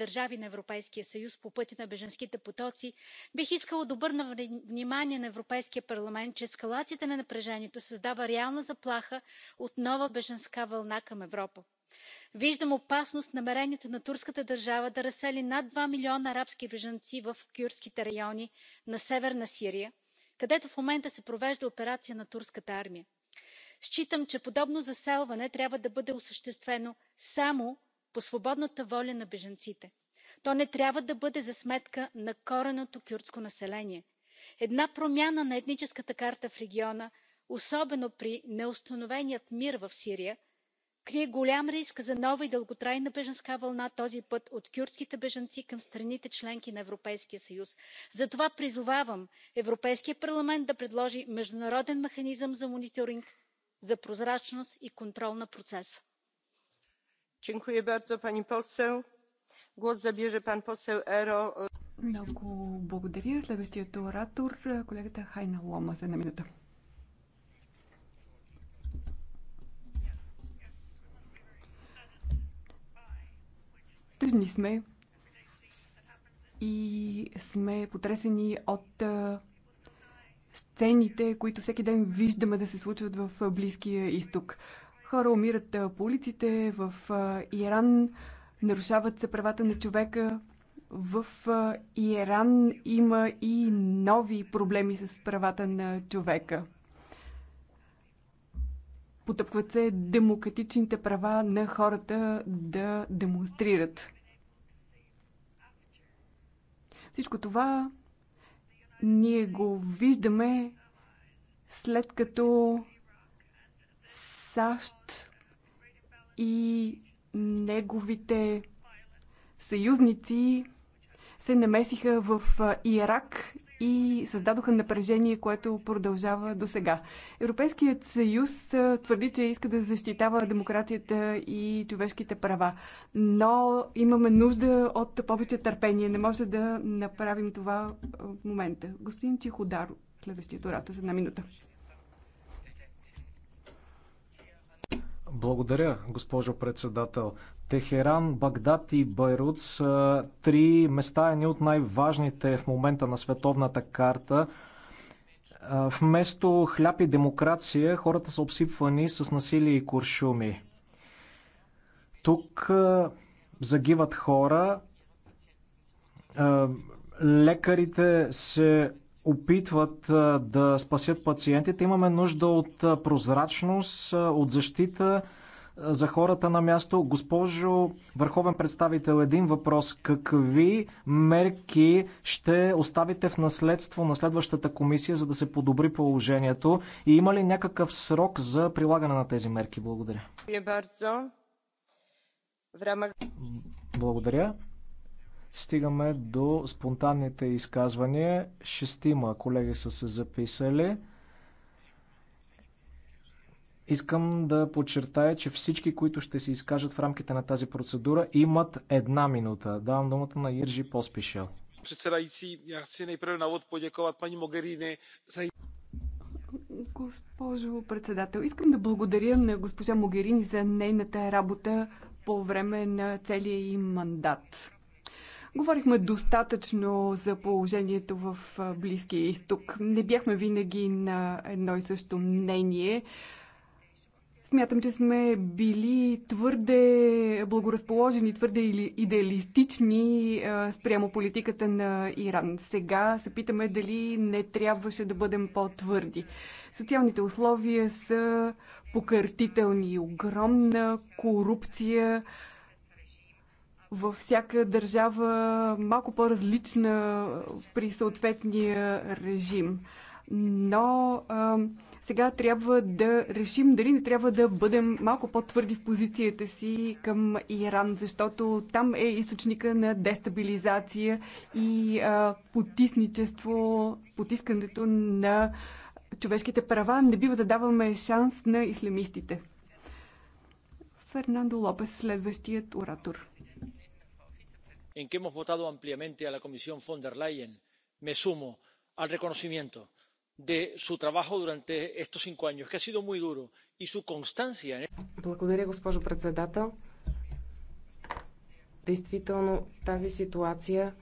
държави на европейския съюз по пътя на бежанските потоци бих искала да обърна внимание на европейския парламент че ескалацията на напрежението създава реална заплаха от нова бежанска вълна към европа. виждам опасност намеренията на турската държава да разсели над два милиона арабски бежанци в кюрдските райони на северна сирия където в момента се провежда операция на турската армия. считам че подобно заселване трябва да бъде осъществено само по свободната воля на бежанците. то не трябва да бъде за сметка на кореното кюрдско население. една промяна на етническата карта в региона особено при неустановеният мир в сирия крие голям риск за нова и дълготрайна бежанска вълна този път от кюрдските бежанци към страните членки на европейския съюз. затова призовавам европейския парламент да предложи международен механизъм за мониторинг за прозрачност и контрол на процеса. Много благодаря. Следващият оратор, колегата Хайна Лома, за една минута. Тъжни сме и сме потресени от сцените, които всеки ден виждаме да се случват в Близкия изток. Хора умират по улиците в Иран, нарушават се правата на човека. В Иран има и нови проблеми с правата на човека. Потъпкват се демократичните права на хората да демонстрират. Всичко това ние го виждаме след като САЩ и неговите съюзници се намесиха в Ирак и създадоха напрежение, което продължава до сега. Европейският съюз твърди, че иска да защитава демокрацията и човешките права, но имаме нужда от повече търпение. Не може да направим това в момента. Господин Чиходаро, следващия оратор за една минута. Благодаря, госпожо председател. Техеран, Багдад и Байрут са три места, едни от най-важните в момента на световната карта. Вместо хляб и демокрация, хората са обсипвани с насилие и куршуми. Тук загиват хора, лекарите се опитват да спасят пациентите. Имаме нужда от прозрачност, от защита за хората на място. Госпожо Върховен представител, един въпрос. Какви мерки ще оставите в наследство на следващата комисия, за да се подобри положението? И има ли някакъв срок за прилагане на тези мерки? Благодаря. Благодаря стигаме до спонтанните изказвания. Шестима колеги са се записали. Искам да подчертая, че всички, които ще се изкажат в рамките на тази процедура, имат една минута. Давам думата на Иржи Поспишел. Председající, já chci nejprve на úvod poděkovat пани Mogherini за... Госпожо председател, искам да благодаря на госпожа Могерини за нейната работа по време на целия им мандат. Говорихме достатъчно за положението в Близкия изток. Не бяхме винаги на едно и също мнение. Смятам, че сме били твърде благоразположени, твърде идеалистични спрямо политиката на Иран. Сега се питаме дали не трябваше да бъдем по-твърди. Социалните условия са покъртителни, огромна корупция, във всяка държава малко по-различна при съответния режим. Но а, сега трябва да решим дали не трябва да бъдем малко по-твърди в позицията си към Иран, защото там е източника на дестабилизация и а, потисничество, потискането на човешките права. Не бива да даваме шанс на ислямистите. Фернандо Лопес, следващият оратор en que hemos votado ampliamente a la comisión von der leyen me sumo al reconocimiento de su trabajo durante estos cinco años que ha sido muy duro y su constancia. Благодаря, госпожо председател. Действително тази ситуация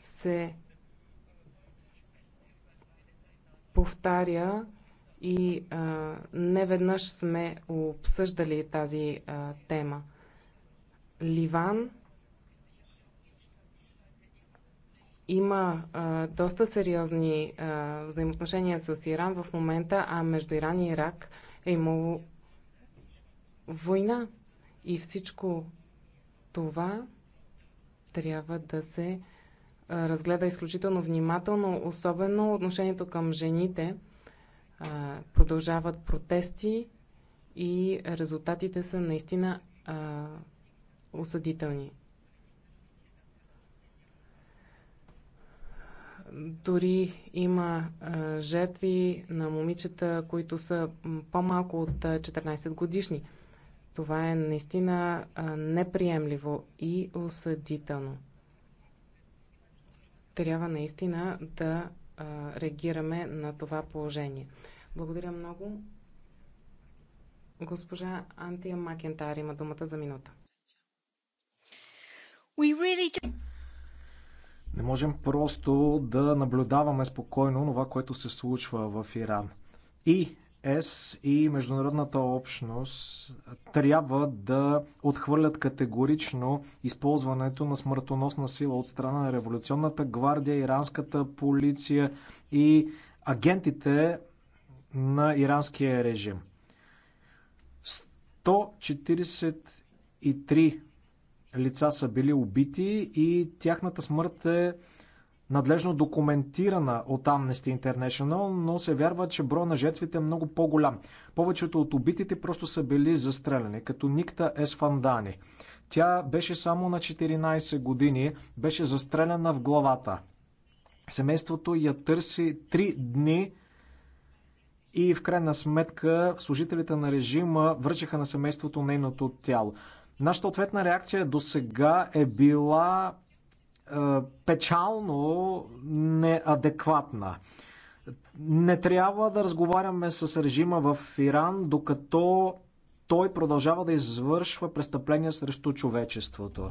се повтаря и а, неведнъж сме обсъждали тази а, тема. Ливан има а, доста сериозни а, взаимоотношения с Иран в момента, а между Иран и Ирак е имало война. И всичко това трябва да се а, разгледа изключително внимателно, особено отношението към жените. А, продължават протести и резултатите са наистина а, осъдителни. Дори има жертви на момичета, които са по-малко от 14 годишни. Това е наистина неприемливо и осъдително. Трябва наистина да реагираме на това положение. Благодаря много. Госпожа Антия Макентар има думата за минута. We really do... Не можем просто да наблюдаваме спокойно това, което се случва в Иран. И ЕС и международната общност трябва да отхвърлят категорично използването на смъртоносна сила от страна на Революционната гвардия, иранската полиция и агентите на иранския режим. 143 лица са били убити и тяхната смърт е надлежно документирана от Amnesty International, но се вярва, че броя на жертвите е много по-голям. Повечето от убитите просто са били застреляни, като Никта Есфандани. Тя беше само на 14 години, беше застреляна в главата. Семейството я търси 3 дни и в крайна сметка служителите на режима връчаха на семейството нейното тяло. Нашата ответна реакция до сега е била е, печално неадекватна. Не трябва да разговаряме с режима в Иран, докато той продължава да извършва престъпления срещу човечеството.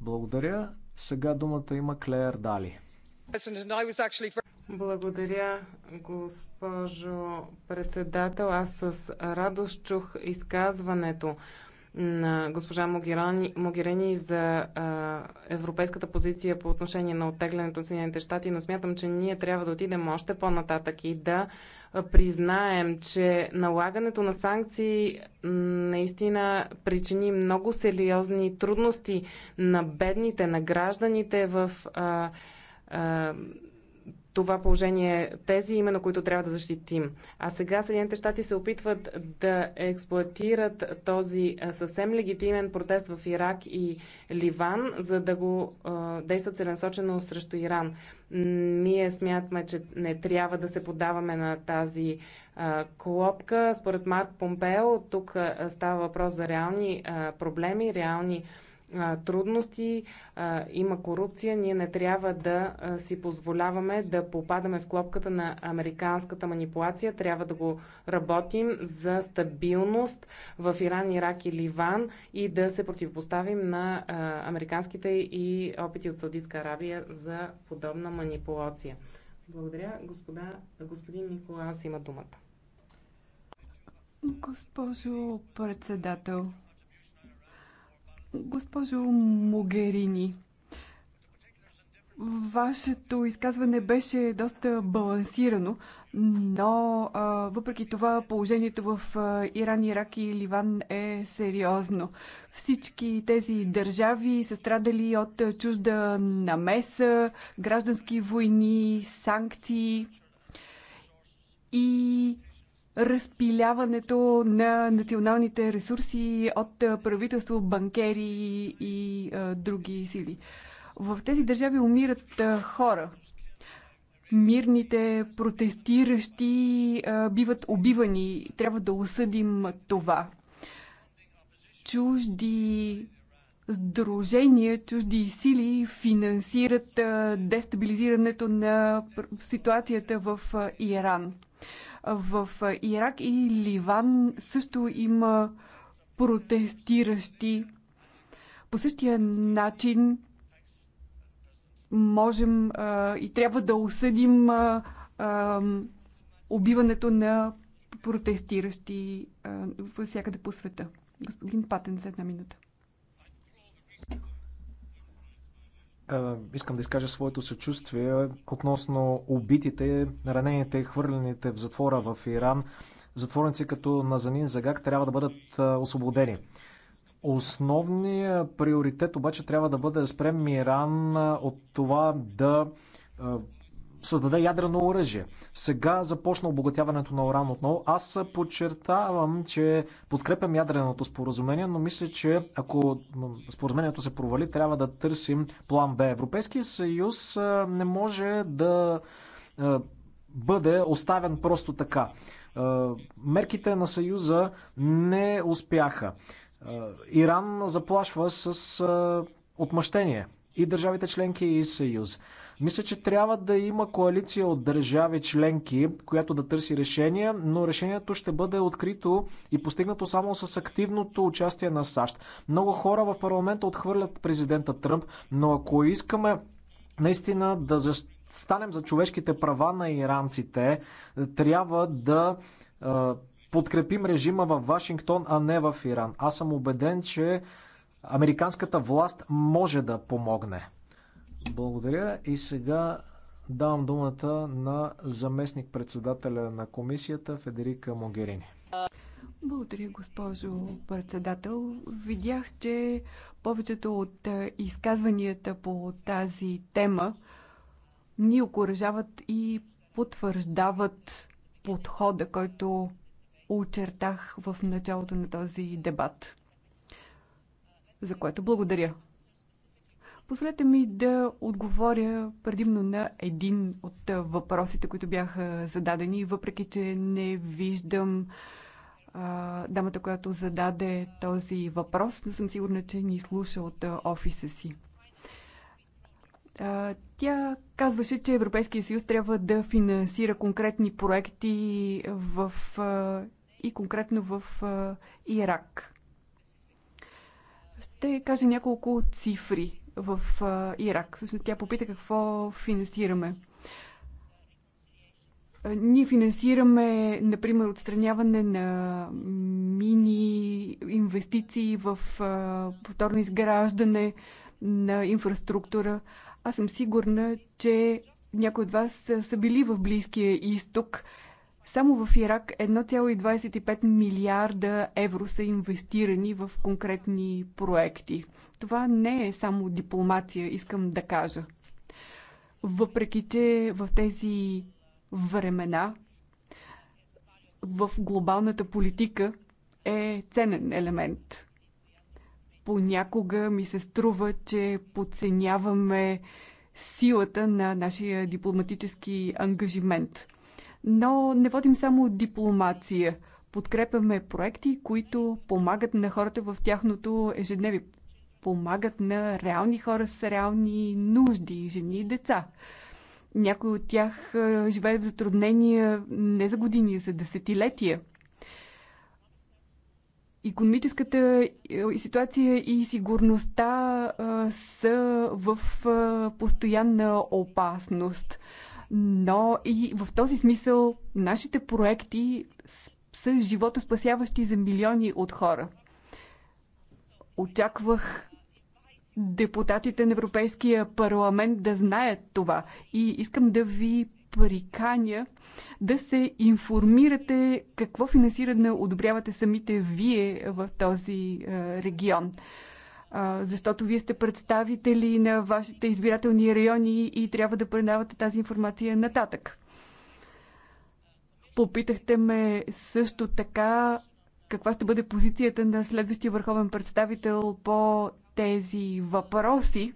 Благодаря. Сега думата има Клеер Дали. Благодаря, госпожо председател. Аз с радост чух изказването на госпожа Могирени за а, европейската позиция по отношение на оттеглянето на Съединените щати, но смятам, че ние трябва да отидем още по-нататък и да признаем, че налагането на санкции наистина причини много сериозни трудности на бедните, на гражданите в а, а, това положение тези именно, които трябва да защитим. А сега Съединените щати се опитват да експлуатират този съвсем легитимен протест в Ирак и Ливан, за да го а, действат целенсочено срещу Иран. Ние смятаме, че не трябва да се подаваме на тази а, клопка. Според Марк Помпео, тук а, става въпрос за реални а, проблеми, реални а, а, трудности, а, има корупция. Ние не трябва да а, си позволяваме да попадаме в клопката на американската манипулация. Трябва да го работим за стабилност в Иран, Ирак и Ливан и да се противопоставим на а, американските и опити от Саудитска Аравия за подобна манипулация. Благодаря. Господа, господин Николас има думата. Госпожо председател, Госпожо Могерини, Вашето изказване беше доста балансирано, но а, въпреки това положението в а, Иран, Ирак и Ливан е сериозно. Всички тези държави са страдали от чужда намеса, граждански войни, санкции и разпиляването на националните ресурси от правителство, банкери и а, други сили. В тези държави умират а, хора. Мирните протестиращи а, биват убивани. Трябва да осъдим това. Чужди сдружения, чужди сили финансират дестабилизирането на ситуацията в Иран. В Ирак и Ливан също има протестиращи. По същия начин можем а, и трябва да осъдим а, а, убиването на протестиращи а, всякъде по света. Господин Патен, за една минута. Е, искам да изкажа своето съчувствие относно убитите, ранените, хвърлените в затвора в Иран. Затворници като Назанин Загак трябва да бъдат е, освободени. Основният приоритет обаче трябва да бъде да спрем Иран е, от това да създаде ядрено оръжие. Сега започна обогатяването на уран отново. Аз подчертавам, че подкрепям ядреното споразумение, но мисля, че ако споразумението се провали, трябва да търсим план Б. Европейския съюз не може да бъде оставен просто така. Мерките на Съюза не успяха. Иран заплашва с отмъщение и държавите членки и Съюз. Мисля, че трябва да има коалиция от държави членки, която да търси решение, но решението ще бъде открито и постигнато само с активното участие на САЩ. Много хора в парламента отхвърлят президента Тръмп, но ако искаме наистина да станем за човешките права на иранците, трябва да подкрепим режима в Вашингтон, а не в Иран. Аз съм убеден, че американската власт може да помогне. Благодаря и сега давам думата на заместник председателя на комисията Федерика Могерини. Благодаря, госпожо председател. Видях, че повечето от изказванията по тази тема ни окоръжават и потвърждават подхода, който очертах в началото на този дебат, за което благодаря. Позволете ми да отговоря предимно на един от въпросите, които бяха зададени, въпреки че не виждам а, дамата, която зададе този въпрос, но съм сигурна, че ни слуша от офиса си. тя казваше, че Европейския съюз трябва да финансира конкретни проекти в, и конкретно в Ирак. Ще кажа няколко цифри в Ирак. Всъщност тя попита какво финансираме. Ние финансираме, например, отстраняване на мини инвестиции в повторно изграждане на инфраструктура. Аз съм сигурна, че някои от вас са били в Близкия изток. Само в Ирак 1,25 милиарда евро са инвестирани в конкретни проекти. Това не е само дипломация, искам да кажа. Въпреки, че в тези времена в глобалната политика е ценен елемент. Понякога ми се струва, че подценяваме силата на нашия дипломатически ангажимент. Но не водим само дипломация. Подкрепяме проекти, които помагат на хората в тяхното ежедневие помагат на реални хора с реални нужди, жени и деца. Някои от тях живеят в затруднения не за години, а за десетилетия. Економическата е, ситуация и сигурността са в постоянна опасност. Но и в този смисъл нашите проекти са живото спасяващи за милиони от хора. Очаквах депутатите на Европейския парламент да знаят това. И искам да ви приканя да се информирате какво финансиране одобрявате самите вие в този е, регион. Защото вие сте представители на вашите избирателни райони и трябва да предавате тази информация нататък. Попитахте ме също така каква ще бъде позицията на следващия върховен представител по тези въпроси.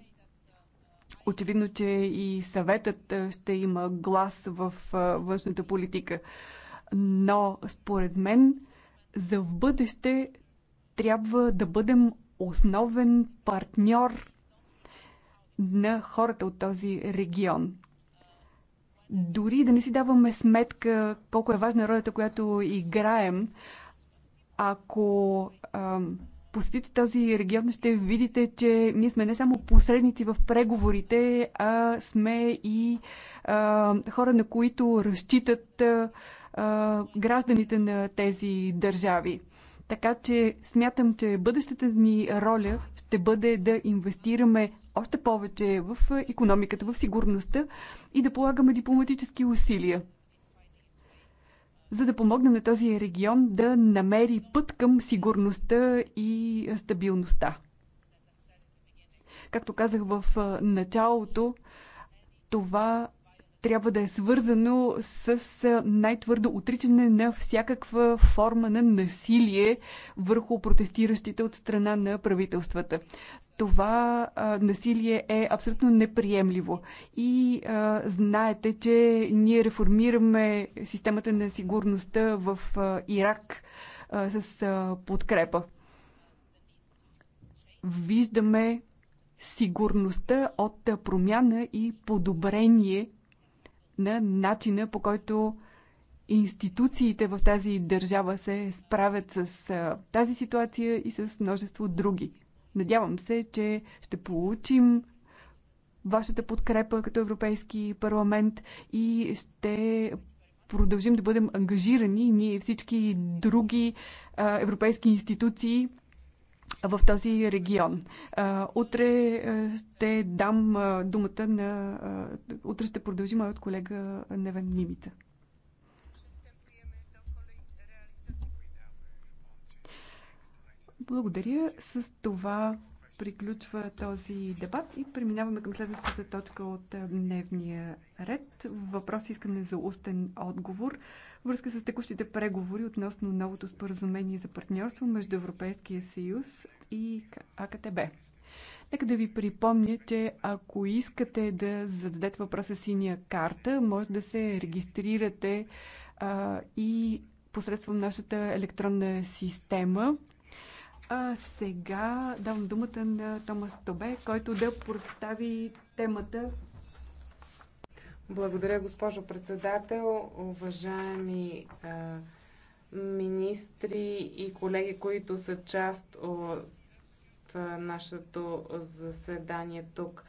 Очевидно, че и съветът ще има глас в външната политика. Но, според мен, за в бъдеще трябва да бъдем основен партньор на хората от този регион. Дори да не си даваме сметка колко е важна ролята, която играем, ако ам, посетите този регион, ще видите, че ние сме не само посредници в преговорите, а сме и а, хора, на които разчитат а, а, гражданите на тези държави. Така че смятам, че бъдещата ни роля ще бъде да инвестираме още повече в економиката, в сигурността и да полагаме дипломатически усилия за да помогнем на този регион да намери път към сигурността и стабилността. Както казах в началото, това трябва да е свързано с най-твърдо отричане на всякаква форма на насилие върху протестиращите от страна на правителствата. Това а, насилие е абсолютно неприемливо. И а, знаете, че ние реформираме системата на сигурността в а, Ирак а, с а, подкрепа. Виждаме сигурността от промяна и подобрение на начина по който институциите в тази държава се справят с а, тази ситуация и с множество други. Надявам се, че ще получим вашата подкрепа като Европейски парламент и ще продължим да бъдем ангажирани ние всички други а, европейски институции в този регион. Утре ще дам думата на... Утре ще продължи моят колега Невен Мимита. Благодаря. С това приключва този дебат и преминаваме към следващата точка от е, дневния ред. Въпрос искане за устен отговор. Връзка с текущите преговори относно новото споразумение за партньорство между Европейския съюз и АКТБ. Нека да ви припомня, че ако искате да зададете въпроса синия карта, може да се регистрирате а, и посредством нашата електронна система – а сега давам думата на Томас Тобе, който да представи темата. Благодаря, госпожо председател, уважаеми а, министри и колеги, които са част от а, нашето заседание тук.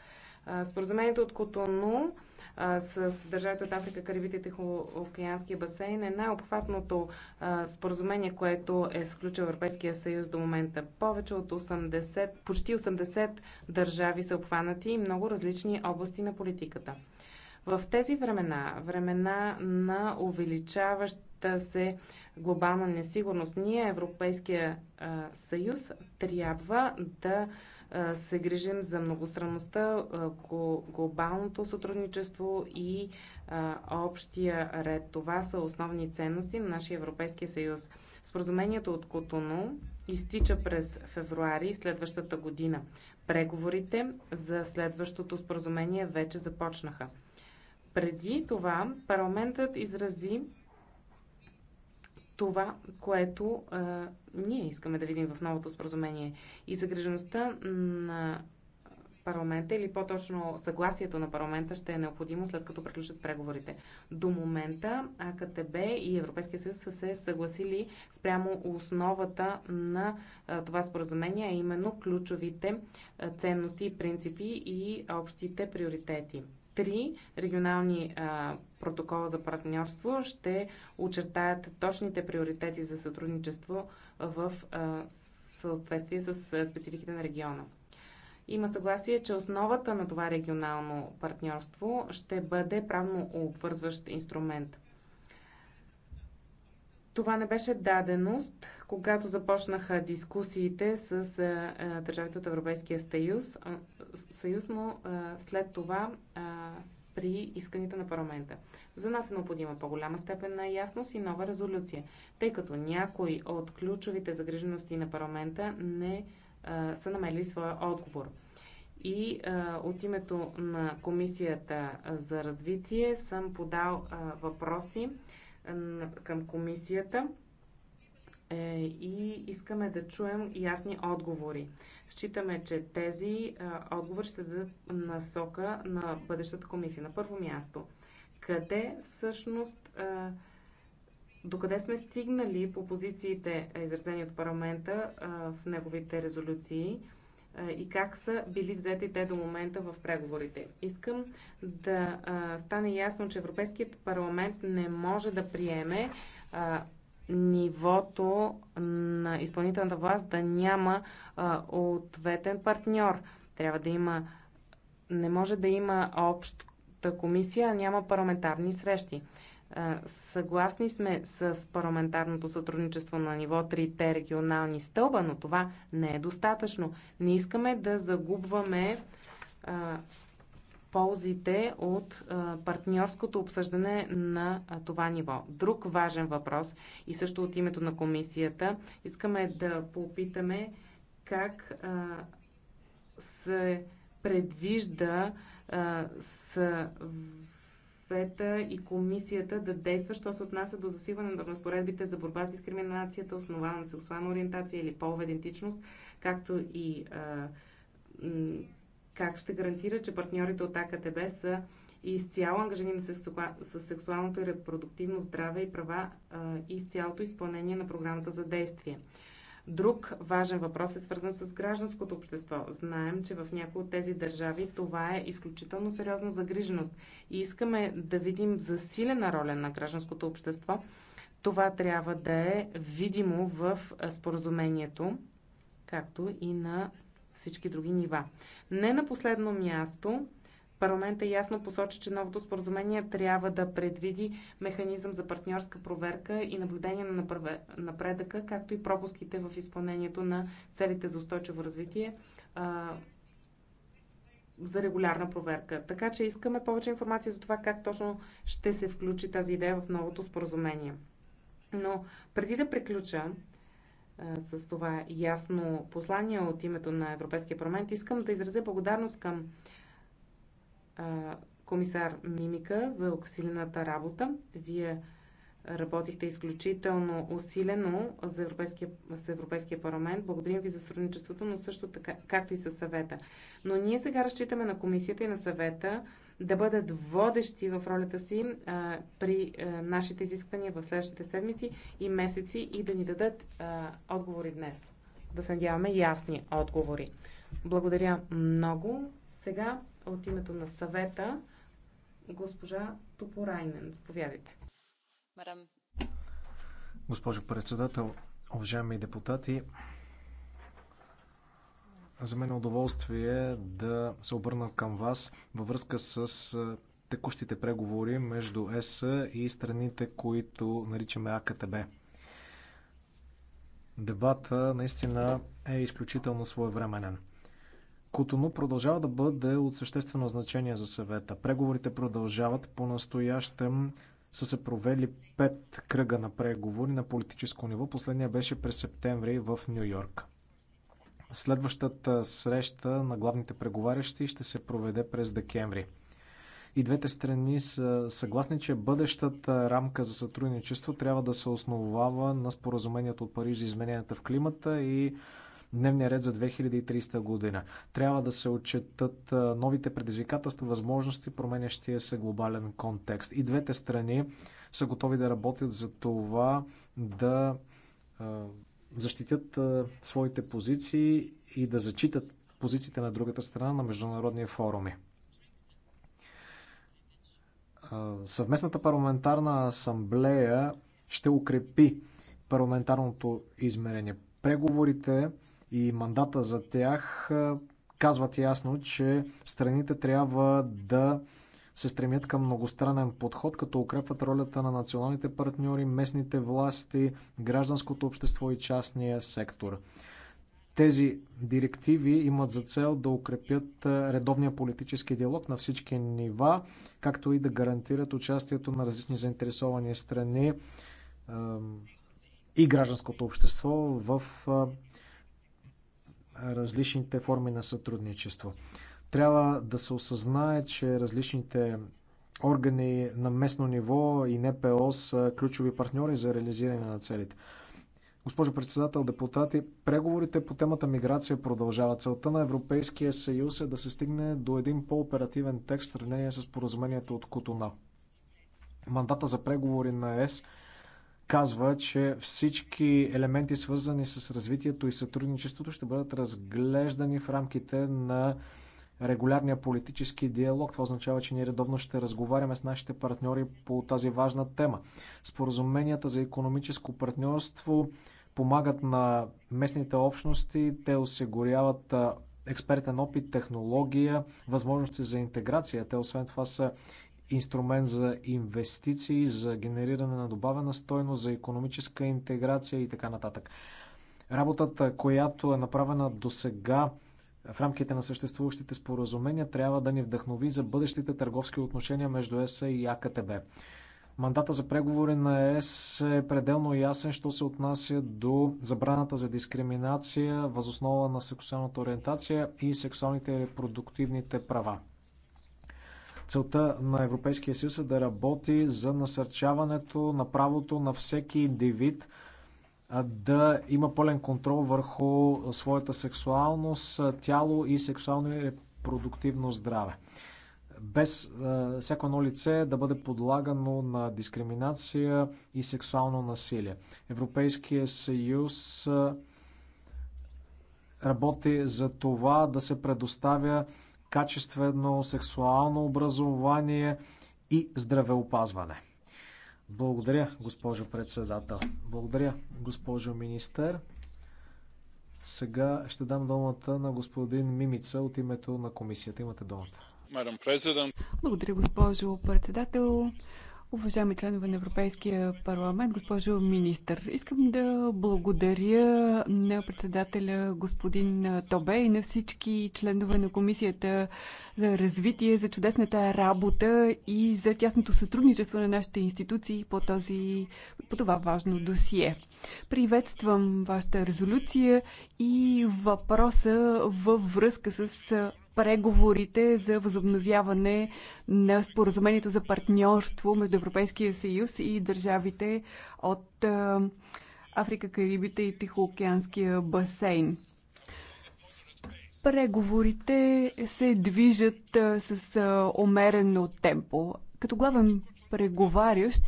А, споразумението от Котону с държавите от Африка, Карибите и Тихоокеанския басейн е най-обхватното споразумение, което е сключил Европейския съюз до момента. Повече от 80, почти 80 държави са обхванати и много различни области на политиката. В тези времена, времена на увеличаваща се глобална несигурност, ние, Европейския съюз, трябва да се грижим за многостранността, глобалното сътрудничество и общия ред. Това са основни ценности на нашия Европейския съюз. Споразумението от Котону изтича през февруари следващата година. Преговорите за следващото споразумение вече започнаха. Преди това парламентът изрази това, което а, ние искаме да видим в новото споразумение. И загрежеността на парламента или по-точно съгласието на парламента ще е необходимо след като приключат преговорите. До момента АКТБ и Европейския съюз са се съгласили спрямо основата на това споразумение, а именно ключовите ценности, принципи и общите приоритети три регионални а, протокола за партньорство ще очертаят точните приоритети за сътрудничество в а, съответствие с а, спецификите на региона има съгласие, че основата на това регионално партньорство ще бъде правно обвързващ инструмент. Това не беше даденост, когато започнаха дискусиите с държавите от Европейския съюз, а, съюз но след това при исканите на парламента. За нас е необходима по-голяма степен на ясност и нова резолюция, тъй като някои от ключовите загрижености на парламента не а, са намерили своя отговор и а, от името на Комисията за развитие съм подал а, въпроси а, към Комисията е, и искаме да чуем ясни отговори. Считаме, че тези а, отговори ще дадат насока на бъдещата комисия. На първо място, къде всъщност. А, Докъде сме стигнали по позициите, изразени от парламента а, в неговите резолюции? и как са били взети те до момента в преговорите. Искам да стане ясно, че Европейският парламент не може да приеме нивото на изпълнителната власт да няма ответен партньор. Трябва да има. Не може да има общата комисия, а няма парламентарни срещи. Съгласни сме с парламентарното сътрудничество на ниво трите регионални стълба, но това не е достатъчно. Не искаме да загубваме а, ползите от а, партньорското обсъждане на а, това ниво. Друг важен въпрос и също от името на комисията искаме да попитаме как а, се предвижда с съвета и комисията да действа, що се отнася до засилване на разпоредбите за борба с дискриминацията, основана на сексуална ориентация или полова идентичност, както и а, как ще гарантира, че партньорите от АКТБ са изцяло ангажирани с сексуалното и репродуктивно здраве и права а, и с цялото изпълнение на програмата за действие. Друг важен въпрос е свързан с гражданското общество. Знаем, че в някои от тези държави това е изключително сериозна загриженост и искаме да видим засилена роля на гражданското общество. Това трябва да е видимо в споразумението, както и на всички други нива. Не на последно място, Парламентът ясно посочи, че новото споразумение трябва да предвиди механизъм за партньорска проверка и наблюдение на напредъка, както и пропуските в изпълнението на целите за устойчиво развитие за регулярна проверка. Така че искаме повече информация за това как точно ще се включи тази идея в новото споразумение. Но преди да приключа, с това ясно послание от името на Европейския парламент, искам да изразя благодарност към комисар Мимика за усилената работа. Вие работихте изключително усилено за Европейския, с Европейския парламент. Благодарим ви за сътрудничеството, но също така, както и със съвета. Но ние сега разчитаме на комисията и на съвета да бъдат водещи в ролята си а, при а, нашите изисквания в следващите седмици и месеци и да ни дадат а, отговори днес. Да се надяваме ясни отговори. Благодаря много. Сега от името на съвета госпожа Топорайнен. Заповядайте. Госпожо председател, уважаеми депутати, за мен е удоволствие да се обърна към вас във връзка с текущите преговори между ЕС и страните, които наричаме АКТБ. Дебата наистина е изключително своевременен. Котону продължава да бъде от съществено значение за съвета. Преговорите продължават по-настоящем са се провели пет кръга на преговори на политическо ниво. Последния беше през септември в Нью Йорк. Следващата среща на главните преговарящи ще се проведе през декември. И двете страни са съгласни, че бъдещата рамка за сътрудничество трябва да се основава на споразумението от Париж за измененията в климата и дневния ред за 2300 година. Трябва да се отчетат новите предизвикателства, възможности, променящия се глобален контекст. И двете страни са готови да работят за това да защитят своите позиции и да зачитат позициите на другата страна на международни форуми. Съвместната парламентарна асамблея ще укрепи парламентарното измерение. Преговорите и мандата за тях казват ясно, че страните трябва да се стремят към многостранен подход, като укрепват ролята на националните партньори, местните власти, гражданското общество и частния сектор. Тези директиви имат за цел да укрепят редовния политически диалог на всички нива, както и да гарантират участието на различни заинтересовани страни и гражданското общество в различните форми на сътрудничество. Трябва да се осъзнае, че различните органи на местно ниво и НПО са ключови партньори за реализиране на целите. Госпожо председател, депутати, преговорите по темата миграция продължават. Целта на Европейския съюз е да се стигне до един по-оперативен текст в сравнение с поразумението от Котона. Мандата за преговори на ЕС казва, че всички елементи, свързани с развитието и сътрудничеството, ще бъдат разглеждани в рамките на регулярния политически диалог. Това означава, че ние редовно ще разговаряме с нашите партньори по тази важна тема. Споразуменията за економическо партньорство помагат на местните общности, те осигуряват експертен опит, технология, възможности за интеграция. Те освен това са инструмент за инвестиции, за генериране на добавена стойност, за економическа интеграция и така нататък. Работата, която е направена до сега в рамките на съществуващите споразумения, трябва да ни вдъхнови за бъдещите търговски отношения между ЕСА и АКТБ. Мандата за преговори на ЕС е пределно ясен, що се отнася до забраната за дискриминация възоснова на сексуалната ориентация и сексуалните и репродуктивните права. Целта на Европейския съюз е да работи за насърчаването на правото на всеки индивид да има пълен контрол върху своята сексуалност, тяло и сексуално и репродуктивно здраве. Без е, всяко едно лице да бъде подлагано на дискриминация и сексуално насилие. Европейския съюз работи за това да се предоставя качествено сексуално образование и здравеопазване. Благодаря, госпожо председател. Благодаря, госпожо министър. Сега ще дам думата на господин Мимица от името на комисията. Имате думата. Благодаря, госпожо председател. Уважаеми членове на Европейския парламент, госпожо министър, искам да благодаря на председателя господин Тобе и на всички членове на Комисията за развитие, за чудесната работа и за тясното сътрудничество на нашите институции по, този, по това важно досие. Приветствам вашата резолюция и въпроса във връзка с преговорите за възобновяване на споразумението за партньорство между Европейския съюз и държавите от Африка, Карибите и Тихоокеанския басейн. Преговорите се движат с умерено темпо. Като главен преговарящ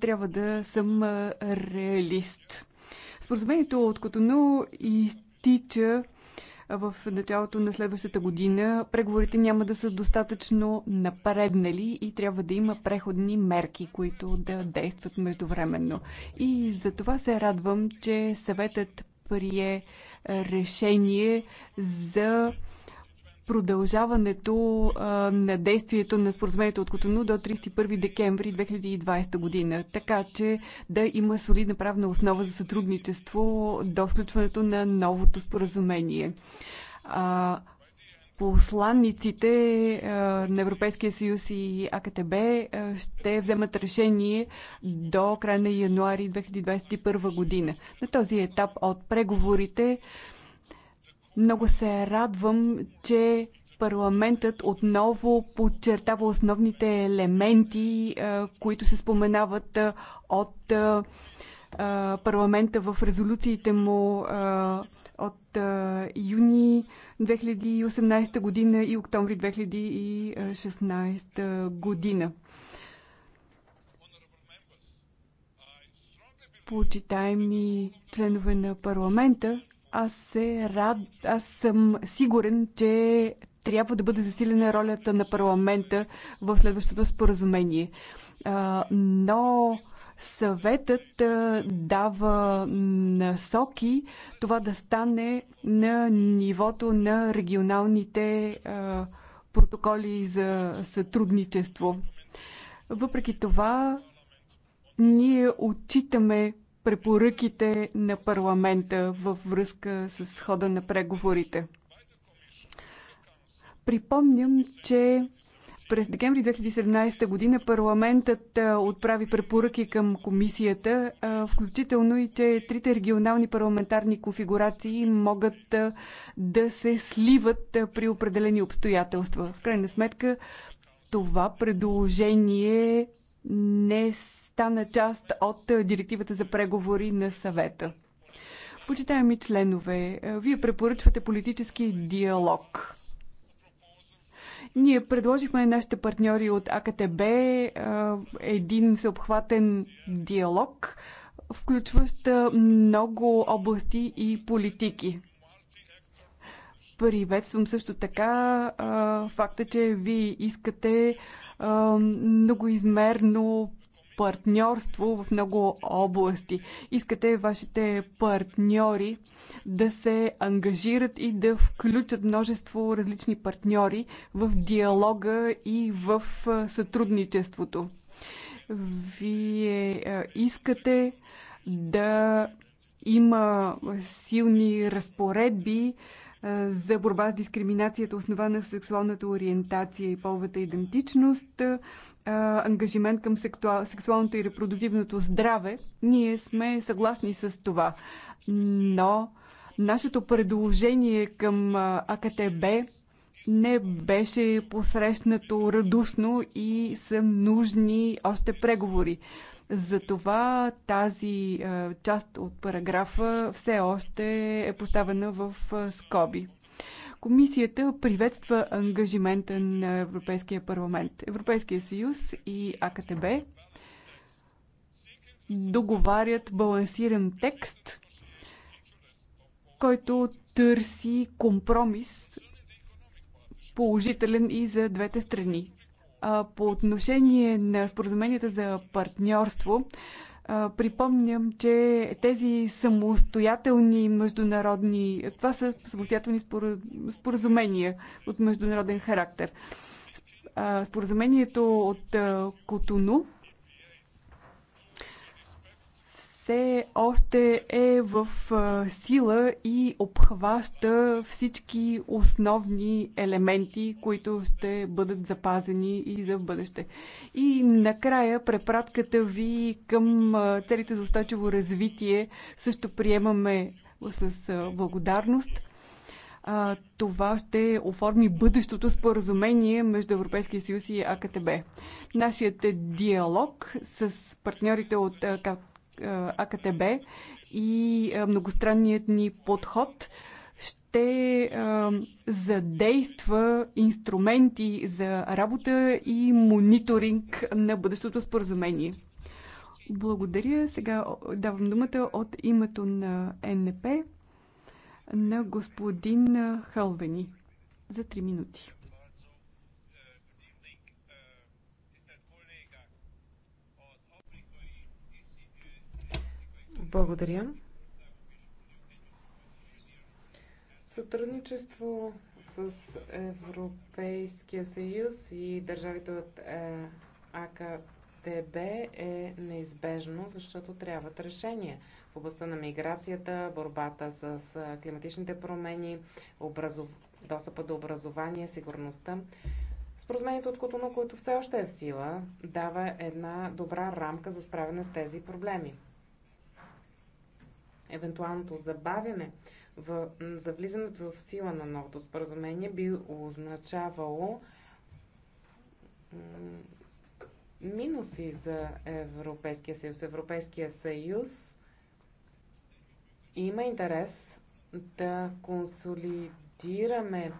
трябва да съм реалист. Споразумението от Котону изтича в началото на следващата година преговорите няма да са достатъчно напреднали и трябва да има преходни мерки, които да действат междувременно. И за това се радвам, че съветът прие решение за продължаването а, на действието на споразумението от Котону до 31 декември 2020 година, така че да има солидна правна основа за сътрудничество до сключването на новото споразумение. А, посланниците а, на Европейския съюз и АКТБ а, ще вземат решение до края на януари 2021 година. На този етап от преговорите а, много се радвам, че парламентът отново подчертава основните елементи, които се споменават от парламента в резолюциите му от юни 2018 година и октомври 2016 година. Почитаеми членове на парламента, аз, се рад... Аз съм сигурен, че трябва да бъде засилена ролята на парламента в следващото споразумение. Но съветът дава насоки това да стане на нивото на регионалните протоколи за сътрудничество. Въпреки това, ние отчитаме препоръките на парламента във връзка с хода на преговорите. Припомням, че през декември 2017 година парламентът отправи препоръки към комисията, включително и че трите регионални парламентарни конфигурации могат да се сливат при определени обстоятелства. В крайна сметка това предложение не стана част от е, директивата за преговори на съвета. Почитаеми членове, е, вие препоръчвате политически диалог. Ние предложихме нашите партньори от АКТБ е, един съобхватен диалог, включващ много области и политики. Приветствам също така факта, че ви искате многоизмерно партньорство в много области. Искате вашите партньори да се ангажират и да включат множество различни партньори в диалога и в сътрудничеството. Вие искате да има силни разпоредби за борба с дискриминацията, основана на сексуалната ориентация и половата идентичност, а, ангажимент към сексуал, сексуалното и репродуктивното здраве. Ние сме съгласни с това. Но нашето предложение към АКТБ не беше посрещнато радушно и са нужни още преговори. Затова тази част от параграфа все още е поставена в скоби. Комисията приветства ангажимента на Европейския парламент. Европейския съюз и АКТБ договарят балансиран текст, който търси компромис положителен и за двете страни. По отношение на споразуменията за партньорство, Припомням, че тези самостоятелни международни, това са самостоятелни споразумения от международен характер. Споразумението от Котону все още е в сила и обхваща всички основни елементи, които ще бъдат запазени и за в бъдеще. И накрая препратката ви към целите за устойчиво развитие също приемаме с благодарност а, това ще оформи бъдещото споразумение между Европейския съюз и АКТБ. Нашият диалог с партньорите от е, АКТБ и е, многостранният ни подход ще е, задейства инструменти за работа и мониторинг на бъдещото споразумение. Благодаря. Сега давам думата от името на НП на господин Хълвени за 3 минути. Благодаря. Сътрудничество с Европейския съюз и държавите от е, АКТБ е неизбежно, защото трябват решения в областта на миграцията, борбата с климатичните промени, образов... достъпа до образование, сигурността. Споразумението от Котоно, което все още е в сила, дава една добра рамка за справяне с тези проблеми евентуалното забавяне в, за влизането в сила на новото споразумение би означавало минуси за Европейския съюз. Европейския съюз има интерес да консолидираме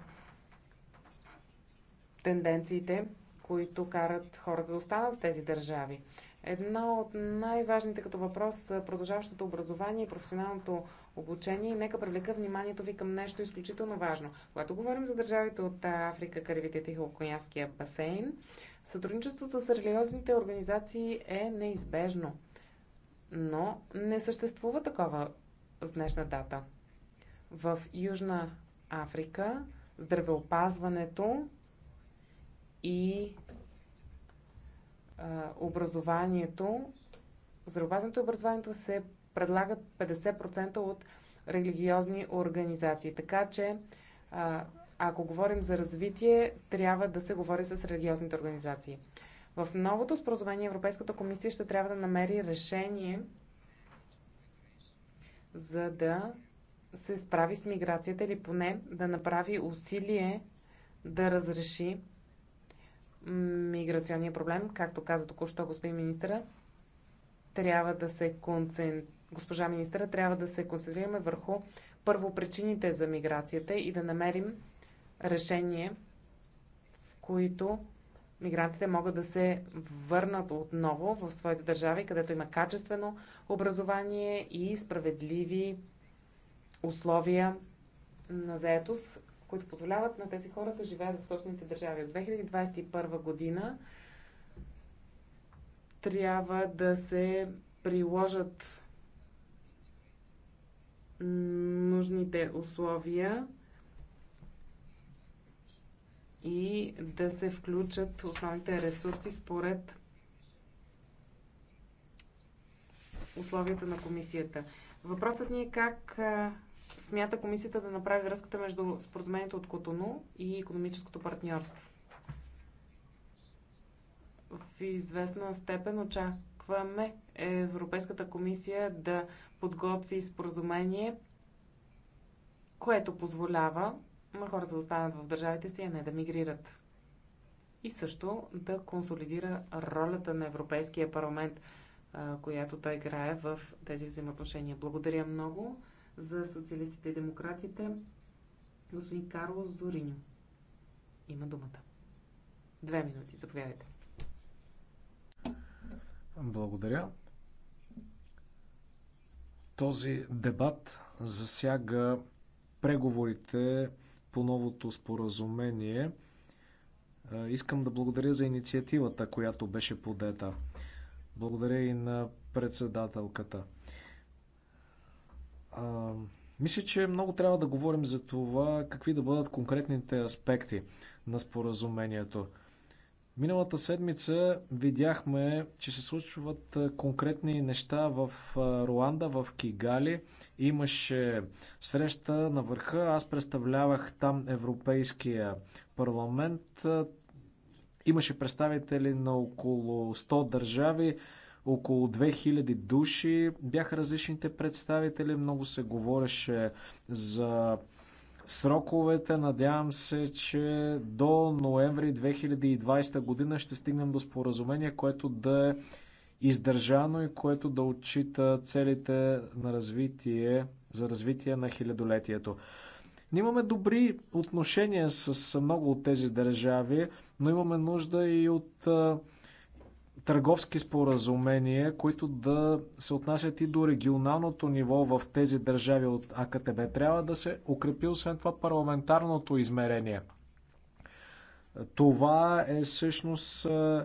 тенденциите, които карат хората да останат в тези държави. Едно от най-важните като въпрос са продължаващото образование и професионалното обучение. Нека привлека вниманието ви към нещо изключително важно. Когато говорим за държавите от Африка, Карибите и Тихоокеанския басейн, сътрудничеството с религиозните организации е неизбежно. Но не съществува такова с днешна дата. В Южна Африка здравеопазването и образованието, здравеопазването и образованието се предлагат 50% от религиозни организации. Така че, ако говорим за развитие, трябва да се говори с религиозните организации. В новото споразумение Европейската комисия ще трябва да намери решение, за да се справи с миграцията или поне да направи усилие да разреши миграционния проблем, както каза току-що господин министъра, трябва да се концентрира госпожа министра, трябва да се концентрираме върху първо причините за миграцията и да намерим решение, в които мигрантите могат да се върнат отново в своите държави, където има качествено образование и справедливи условия на заетост, които позволяват на тези хора да живеят в собствените държави. От 2021 година трябва да се приложат нужните условия и да се включат основните ресурси според условията на комисията. Въпросът ни е как смята комисията да направи връзката между споразумението от Котону и економическото партньорство? В известна степен очакваме Европейската комисия да подготви споразумение, което позволява на хората да останат в държавите си, а не да мигрират. И също да консолидира ролята на Европейския парламент, която той играе в тези взаимоотношения. Благодаря много за социалистите и демократите господин Карло Зориньо. Има думата. Две минути, заповядайте. Благодаря. Този дебат засяга преговорите по новото споразумение. Искам да благодаря за инициативата, която беше подета. Благодаря и на председателката. А, мисля, че много трябва да говорим за това какви да бъдат конкретните аспекти на споразумението. Миналата седмица видяхме, че се случват конкретни неща в Руанда, в Кигали. Имаше среща на върха. Аз представлявах там Европейския парламент. Имаше представители на около 100 държави около 2000 души бяха различните представители. Много се говореше за сроковете. Надявам се, че до ноември 2020 година ще стигнем до споразумение, което да е издържано и което да отчита целите на развитие, за развитие на хилядолетието. Ние имаме добри отношения с много от тези държави, но имаме нужда и от търговски споразумения, които да се отнасят и до регионалното ниво в тези държави от АКТБ. Трябва да се укрепи освен това парламентарното измерение. Това е всъщност е, е,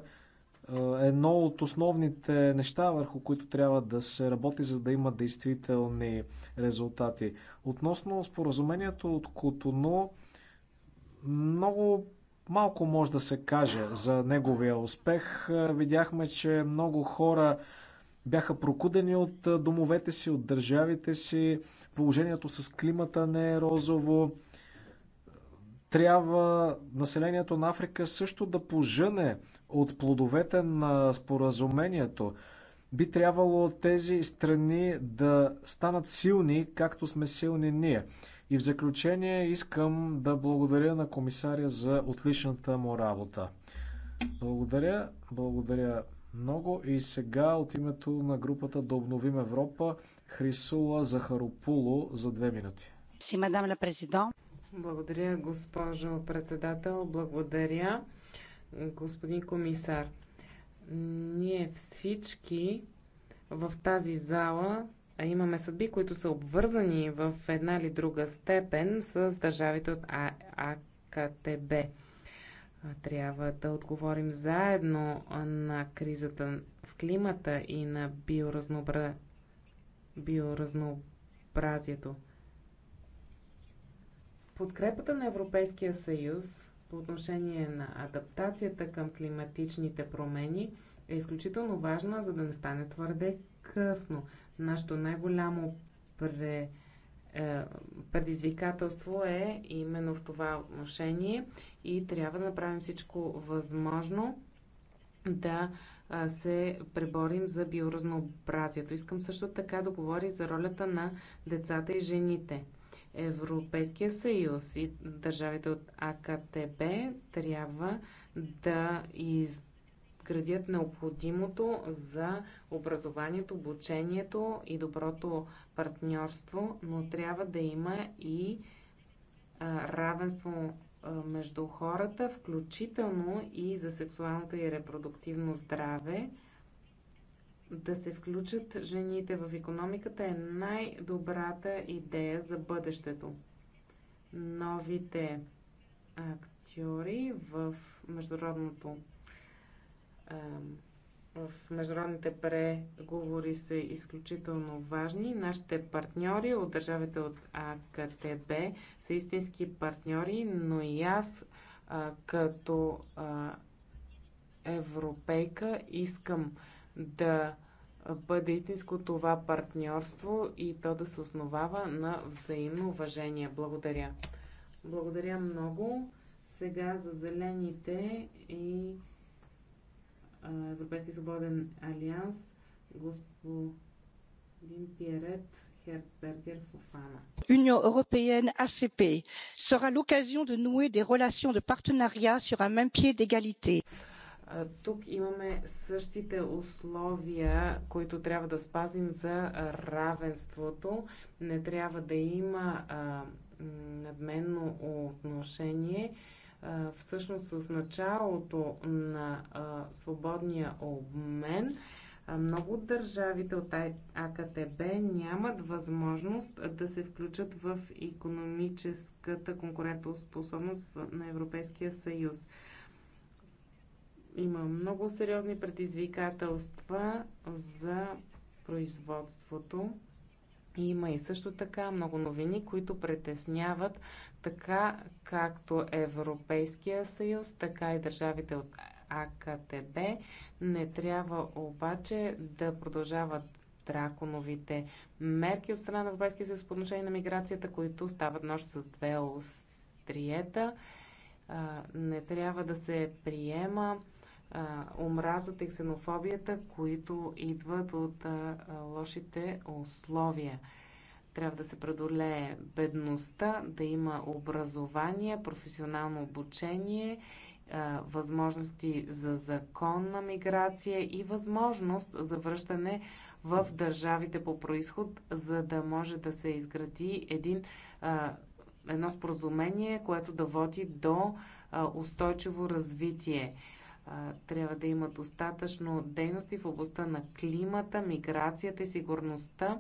едно от основните неща, върху които трябва да се работи, за да има действителни резултати. Относно споразумението от Котоно, много малко може да се каже за неговия успех. Е, видяхме, че много хора бяха прокудени от е, домовете си, от държавите си. Положението с климата не е розово. Трябва населението на Африка също да пожъне от плодовете на споразумението. Би трябвало тези страни да станат силни, както сме силни ние. И в заключение искам да благодаря на комисаря за отличната му работа. Благодаря, благодаря много. И сега от името на групата Да обновим Европа Хрисула Захарупуло за две минути. Си, мадам ла Благодаря, госпожо председател. Благодаря, господин комисар. Ние всички в тази зала имаме съдби, които са обвързани в една или друга степен с държавите от АКТБ. Трябва да отговорим заедно на кризата в климата и на биоразнообра... биоразнообразието. Подкрепата на Европейския съюз по отношение на адаптацията към климатичните промени е изключително важна, за да не стане твърде късно. Нашето най-голямо пре, е, предизвикателство е именно в това отношение и трябва да направим всичко възможно да се преборим за биоразнообразието. Искам също така да говори за ролята на децата и жените. Европейския съюз и държавите от АКТБ трябва да из изградят необходимото за образованието, обучението и доброто партньорство, но трябва да има и равенство между хората, включително и за сексуалното и репродуктивно здраве. Да се включат жените в економиката е най-добрата идея за бъдещето. Новите актьори в международното в международните преговори са изключително важни. Нашите партньори от държавите от АКТБ са истински партньори, но и аз а, като а, европейка искам да бъде истинско това партньорство и то да се основава на взаимно уважение. Благодаря. Благодаря много. Сега за зелените и Европейски свободен алианс, господин Пиерет Herzberger Fofana. Union européenne ACP sera l'occasion de nouer des relations de partenariat sur un même pied d'égalité. Тук имаме същите условия, които трябва да спазим за равенството. Не трябва да има надменно отношение всъщност с началото на свободния обмен, много от държавите от АКТБ нямат възможност да се включат в економическата конкурентоспособност на Европейския съюз. Има много сериозни предизвикателства за производството има и също така много новини, които притесняват така както Европейския съюз, така и държавите от АКТБ. Не трябва обаче да продължават драконовите мерки от страна на Европейския съюз по отношение на миграцията, които стават нощ с две остриета. Не трябва да се приема а, омразата и ксенофобията, които идват от а, лошите условия. Трябва да се преодолее бедността, да има образование, професионално обучение, а, възможности за законна миграция и възможност за връщане в държавите по происход, за да може да се изгради един а, едно споразумение, което да води до устойчиво развитие трябва да има достатъчно дейности в областта на климата, миграцията и сигурността,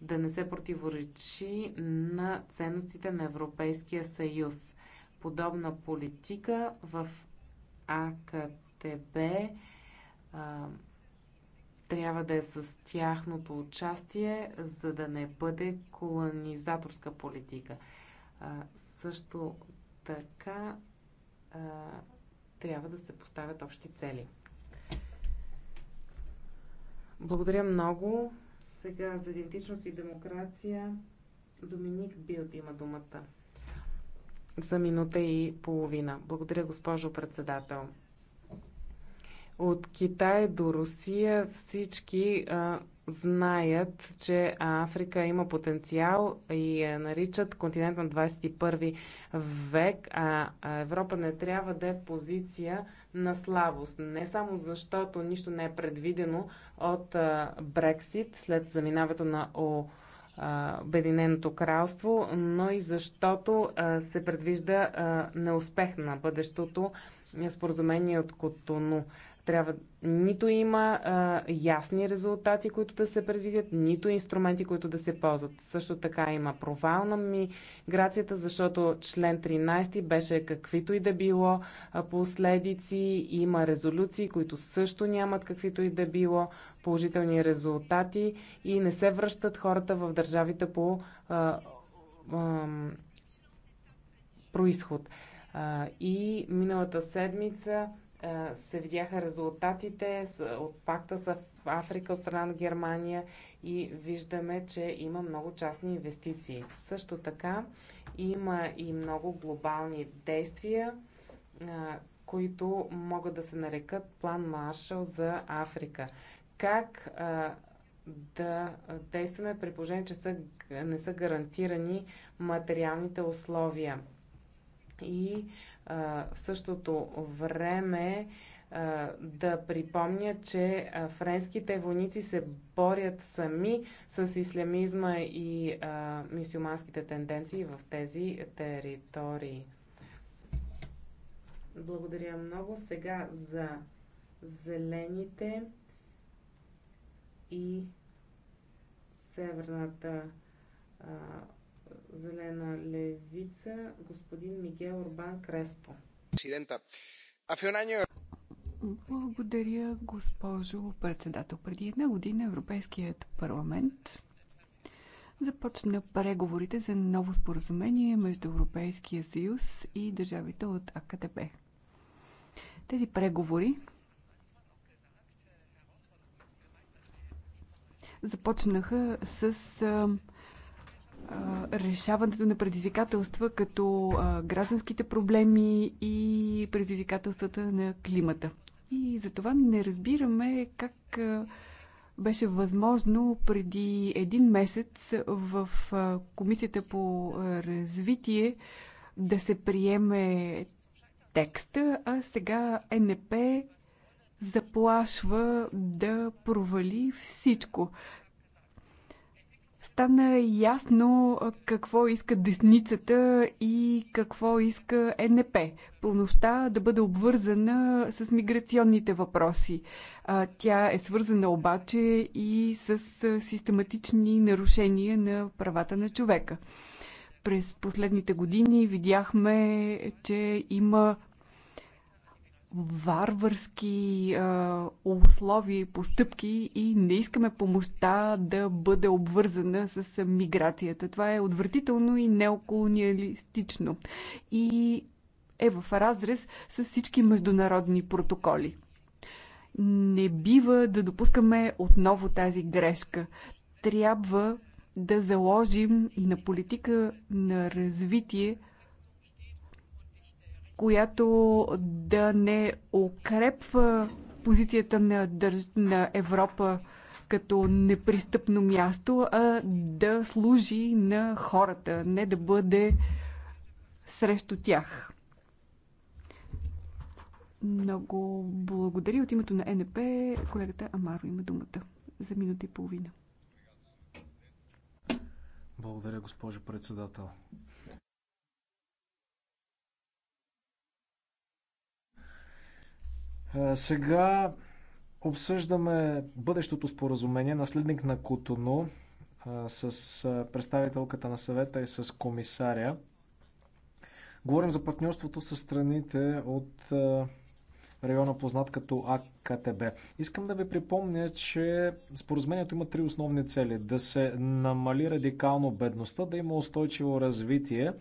да не се противоречи на ценностите на Европейския съюз. Подобна политика в АКТБ а, трябва да е с тяхното участие, за да не бъде колонизаторска политика. А, също така а, трябва да се поставят общи цели. Благодаря много. Сега за идентичност и демокрация Доминик Билд има думата за минута и половина. Благодаря, госпожо председател. От Китай до Русия всички а, знаят, че Африка има потенциал и я наричат континент на 21 век, а Европа не трябва да е в позиция на слабост. Не само защото нищо не е предвидено от Брексит след заминаването на О. Обединеното кралство, но и защото се предвижда неуспех на бъдещото споразумение от Котону трябва нито има а, ясни резултати, които да се предвидят, нито инструменти, които да се ползват. Също така има провал на миграцията, защото член 13 беше каквито и да било последици. Има резолюции, които също нямат каквито и да било положителни резултати и не се връщат хората в държавите по а, а, происход. А, и миналата седмица е, се видяха резултатите от пакта за Африка от страна на Германия и виждаме, че има много частни инвестиции. Също така има и много глобални действия, е, които могат да се нарекат план Маршал за Африка. Как е, да действаме при положение, че са, не са гарантирани материалните условия? И а, в същото време да припомня, че френските войници се борят сами с ислямизма и мюсюлманските тенденции в тези територии. Благодаря много. Сега за зелените и северната а, Зелена левица, господин Мигел Орбан Креспо. Благодаря, госпожо председател. Преди една година Европейският парламент започна преговорите за ново споразумение между Европейския съюз и държавите от АКТБ. Тези преговори започнаха с решаването на предизвикателства, като гражданските проблеми и предизвикателствата на климата. И затова не разбираме как беше възможно преди един месец в Комисията по развитие да се приеме текста, а сега НП заплашва да провали всичко стана ясно какво иска десницата и какво иска НП. Пълнощта да бъде обвързана с миграционните въпроси. Тя е свързана обаче и с систематични нарушения на правата на човека. През последните години видяхме, че има варварски а, условия и постъпки и не искаме помощта да бъде обвързана с миграцията. Това е отвратително и неоколониалистично и е в разрез с всички международни протоколи. Не бива да допускаме отново тази грешка. Трябва да заложим на политика на развитие, която да не укрепва позицията на, държ... на Европа като непристъпно място, а да служи на хората, не да бъде срещу тях. Много благодаря. От името на НП колегата Амаро има думата за минута и половина. Благодаря, госпожо председател. Е, сега обсъждаме бъдещото споразумение, наследник на Кутуно е, с е, представителката на съвета и с комисаря. Говорим за партньорството с страните от района познат като АКТБ. Искам да ви припомня, че споразумението има три основни цели. Да се намали радикално бедността, да има устойчиво развитие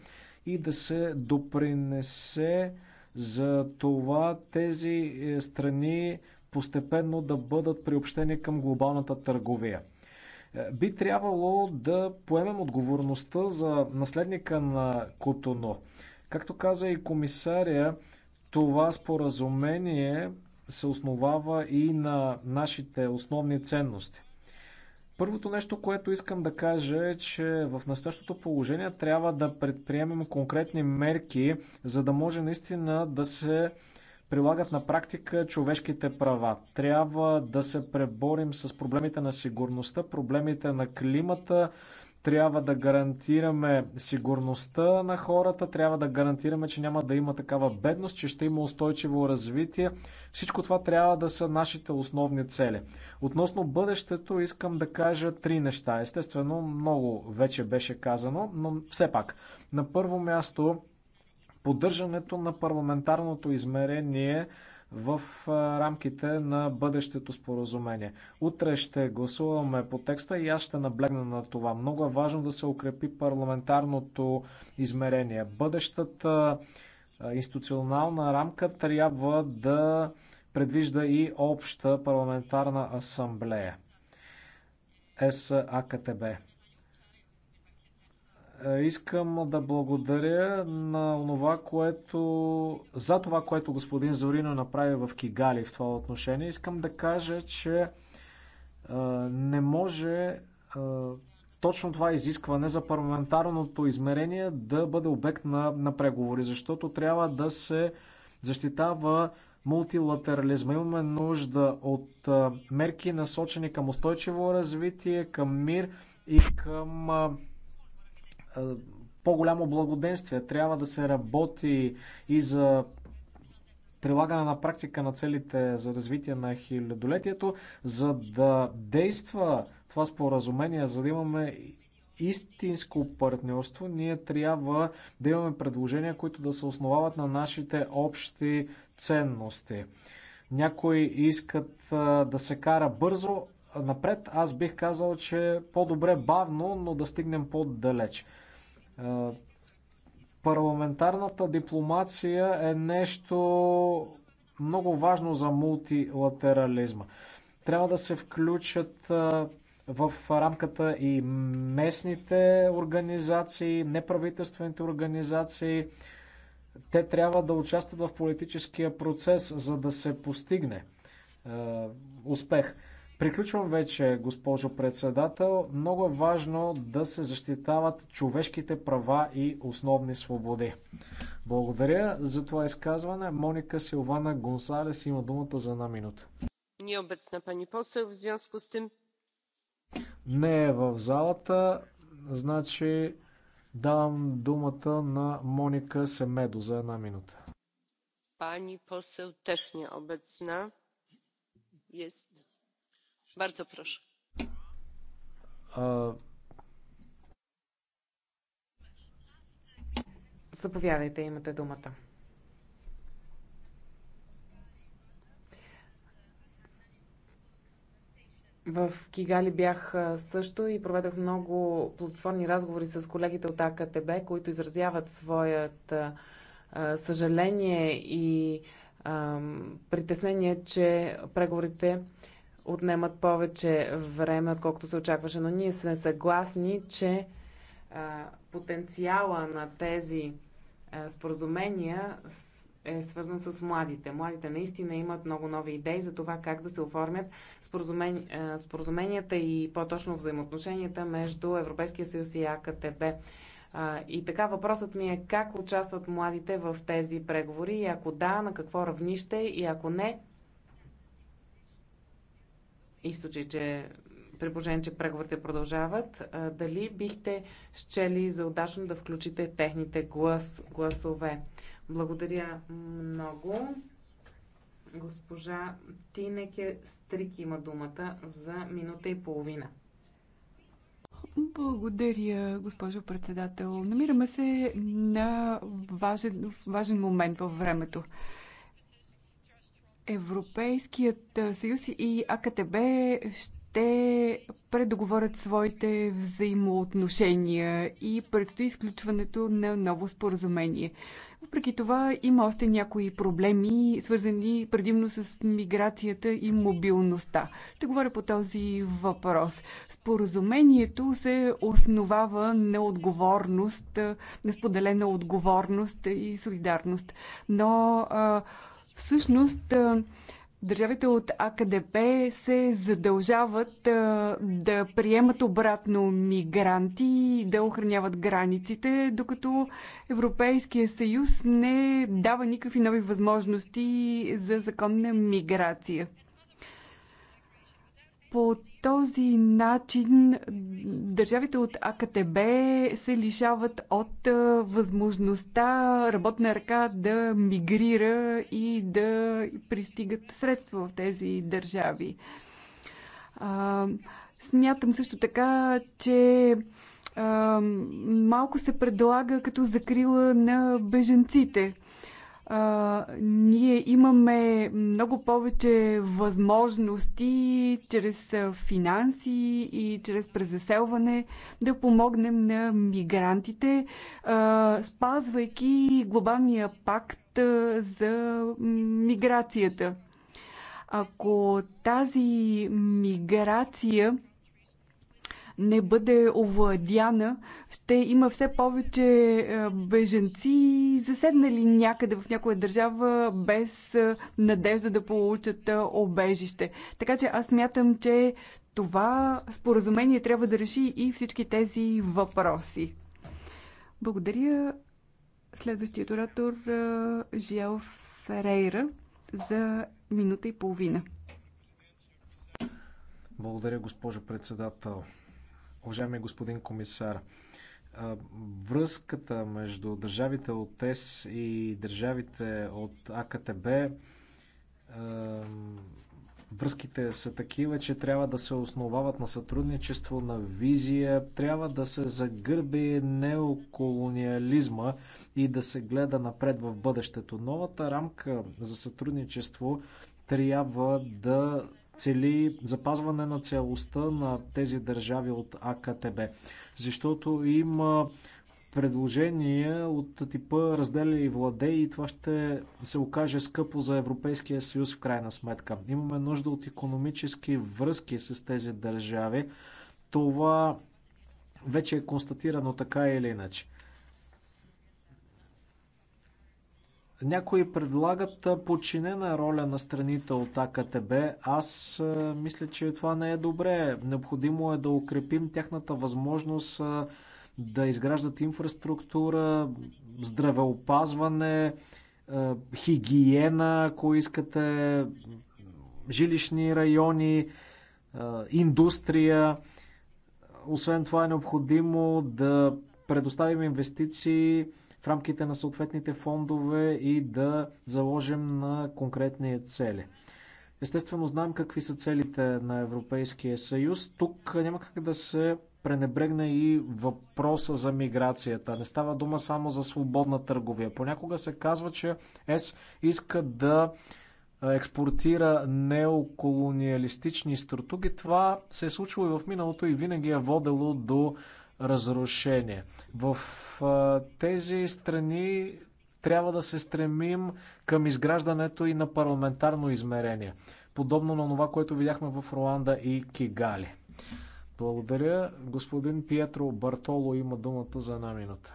и да се допринесе за това тези е, страни постепенно да бъдат приобщени към глобалната търговия. Е, би трябвало да поемем отговорността за наследника на Котоно. Както каза и комисаря, това споразумение се основава и на нашите основни ценности. Първото нещо, което искам да кажа е, че в настоящото положение трябва да предприемем конкретни мерки, за да може наистина да се прилагат на практика човешките права. Трябва да се преборим с проблемите на сигурността, проблемите на климата, трябва да гарантираме сигурността на хората, трябва да гарантираме, че няма да има такава бедност, че ще има устойчиво развитие. Всичко това трябва да са нашите основни цели. Относно бъдещето искам да кажа три неща. Естествено, много вече беше казано, но все пак. На първо място, поддържането на парламентарното измерение – в рамките на бъдещето споразумение. Утре ще гласуваме по текста и аз ще наблегна на това. Много е важно да се укрепи парламентарното измерение. Бъдещата институционална рамка трябва да предвижда и обща парламентарна асамблея. САКТБ. Е, искам да благодаря на това, което, за това, което господин Зорино направи в Кигали в това отношение. Искам да кажа, че е, не може е, точно това изискване за парламентарното измерение да бъде обект на, на преговори, защото трябва да се защитава мултилатерализма. Имаме нужда от мерки насочени към устойчиво развитие, към мир и към е, по-голямо благоденствие. Трябва да се работи и за прилагане на практика на целите за развитие на хилядолетието, за да действа това споразумение, за да имаме истинско партньорство, ние трябва да имаме предложения, които да се основават на нашите общи ценности. Някои искат е, да се кара бързо е, напред. Аз бих казал, че по-добре бавно, но да стигнем по-далеч. Е, парламентарната дипломация е нещо много важно за мултилатерализма. Трябва да се включат е, в рамката и местните организации, неправителствените организации. Те трябва да участват в политическия процес, за да се постигне е, успех. Приключвам вече, госпожо председател. Много е важно да се защитават човешките права и основни свободи. Благодаря за това изказване. Моника Силвана Гонсалес има думата за една минута. Nieobecna пани poseł, в związku с тим. Не е в залата, значи давам думата на Моника Семедо за една минута. Пани poseł też обецна. Ест Bardzo proszę. Заповядайте, имате думата. В Кигали бях също и проведох много плодотворни разговори с колегите от АКТБ, които изразяват своят съжаление и притеснение, че преговорите отнемат повече време, отколкото се очакваше. Но ние сме съгласни, че а, потенциала на тези а, споразумения е свързан с младите. Младите наистина имат много нови идеи за това как да се оформят споразумени, споразуменията и по-точно взаимоотношенията между Европейския съюз и АКТБ. И така въпросът ми е как участват младите в тези преговори и ако да, на какво равнище и ако не, и в случай, че припожен, че преговорите продължават, дали бихте щели за удачно да включите техните глас, гласове? Благодаря много. Госпожа Тинеке Стрик има думата за минута и половина. Благодаря, госпожо председател. Намираме се на важен, важен момент във времето. Европейският съюз и АКТБ ще предоговорят своите взаимоотношения и предстои изключването на ново споразумение. Въпреки това има още някои проблеми, свързани предимно с миграцията и мобилността. Ще говоря по този въпрос. Споразумението се основава на отговорност, на споделена отговорност и солидарност. Но Всъщност, държавите от АКДП се задължават да приемат обратно мигранти и да охраняват границите, докато Европейския съюз не дава никакви нови възможности за законна миграция. По този начин държавите от АКТБ се лишават от възможността работна ръка да мигрира и да пристигат средства в тези държави. Смятам също така, че малко се предлага като закрила на беженците а, ние имаме много повече възможности чрез финанси и чрез презаселване да помогнем на мигрантите, а, спазвайки глобалния пакт а, за миграцията. Ако тази миграция не бъде овладяна, ще има все повече е, беженци, заседнали някъде в някоя държава без е, надежда да получат е, обежище. Така че аз мятам, че това споразумение трябва да реши и всички тези въпроси. Благодаря. Следващият оратор Жиел Ферейра за минута и половина. Благодаря, госпожо председател. Уважаеми господин комисар, връзката между държавите от ЕС и държавите от АКТБ връзките са такива, че трябва да се основават на сътрудничество, на визия, трябва да се загърби неоколониализма и да се гледа напред в бъдещето. Новата рамка за сътрудничество трябва да цели запазване на целостта на тези държави от АКТБ. Защото има предложения от типа разделя и владей и това ще се окаже скъпо за Европейския съюз в крайна сметка. Имаме нужда от економически връзки с тези държави. Това вече е констатирано така или иначе. Някои предлагат подчинена роля на страните от АКТБ. Аз мисля, че това не е добре. Необходимо е да укрепим тяхната възможност да изграждат инфраструктура, здравеопазване, хигиена, ако искате, жилищни райони, индустрия. Освен това е необходимо да предоставим инвестиции в рамките на съответните фондове и да заложим на конкретни цели. Естествено, знаем какви са целите на Европейския съюз. Тук няма как да се пренебрегне и въпроса за миграцията. Не става дума само за свободна търговия. Понякога се казва, че ЕС иска да експортира неоколониалистични структури. Това се е случило и в миналото и винаги е водело до разрушение. В тези страни трябва да се стремим към изграждането и на парламентарно измерение, подобно на това, което видяхме в Руанда и Кигали. Благодаря. Господин Пиетро Бартоло има думата за една минута.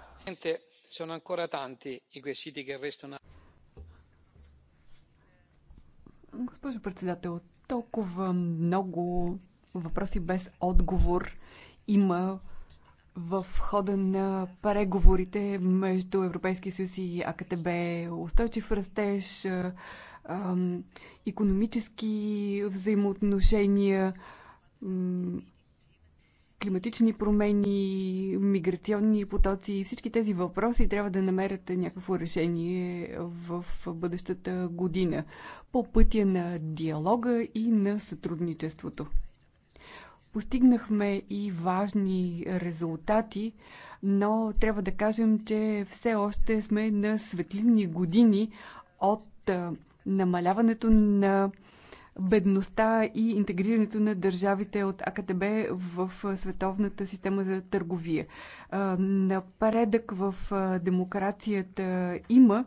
Госпожо председател, толкова много въпроси без отговор има в хода на преговорите между Европейския съюз и АКТБ устойчив растеж, економически взаимоотношения, климатични промени, миграционни потоци, всички тези въпроси трябва да намерят някакво решение в бъдещата година по пътя на диалога и на сътрудничеството. Постигнахме и важни резултати, но трябва да кажем, че все още сме на светлинни години от намаляването на бедността и интегрирането на държавите от АКТБ в световната система за търговия. Напредък в демокрацията има,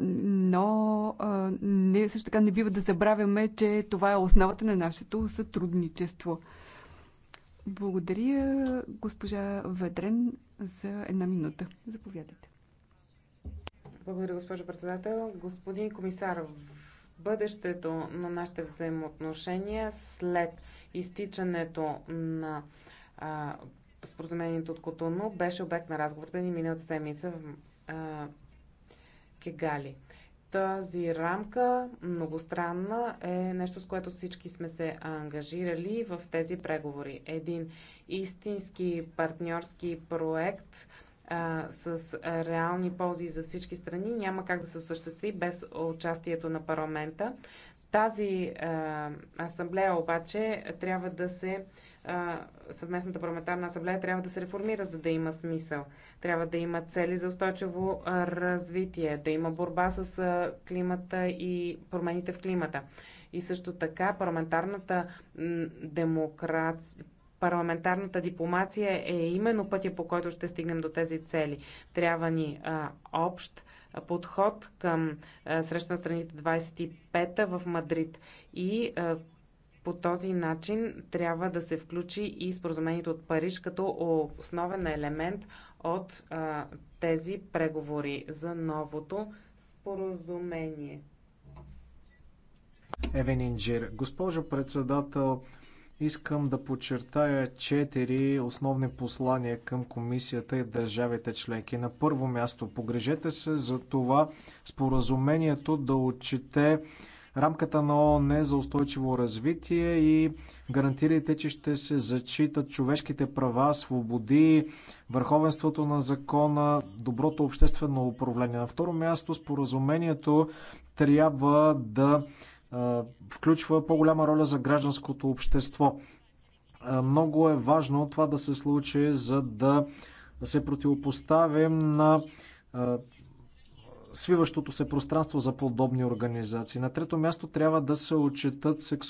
но не, също така не бива да забравяме, че това е основата на нашето сътрудничество. Благодаря госпожа Ведрен за една минута. Заповядайте. Благодаря, госпожо председател. Господин комисар, бъдещето на нашите взаимоотношения след изтичането на а, споразумението от Котоно беше обект на да ни миналата седмица в а, Кегали. Тази рамка, многостранна, е нещо, с което всички сме се ангажирали в тези преговори. Един истински партньорски проект а, с реални ползи за всички страни няма как да се осъществи без участието на парламента. Тази а, асамблея обаче трябва да се съвместната парламентарна асамблея трябва да се реформира, за да има смисъл. Трябва да има цели за устойчиво развитие, да има борба с климата и промените в климата. И също така парламентарната демокрация, парламентарната дипломация е именно пътя по който ще стигнем до тези цели. Трябва ни а, общ подход към а, среща на страните 25-та в Мадрид и а, по този начин трябва да се включи и споразумението от Париж като основен елемент от а, тези преговори за новото споразумение. Евен Инджир, госпожо председател, искам да подчертая четири основни послания към комисията и държавите членки. На първо място, погрежете се за това споразумението да отчете рамката на ООН за устойчиво развитие и гарантирайте, че ще се зачитат човешките права, свободи, върховенството на закона, доброто обществено управление. На второ място, споразумението трябва да включва по-голяма роля за гражданското общество. Много е важно това да се случи, за да се противопоставим на свиващото се пространство за подобни организации. На трето място трябва да се отчетат сексуалните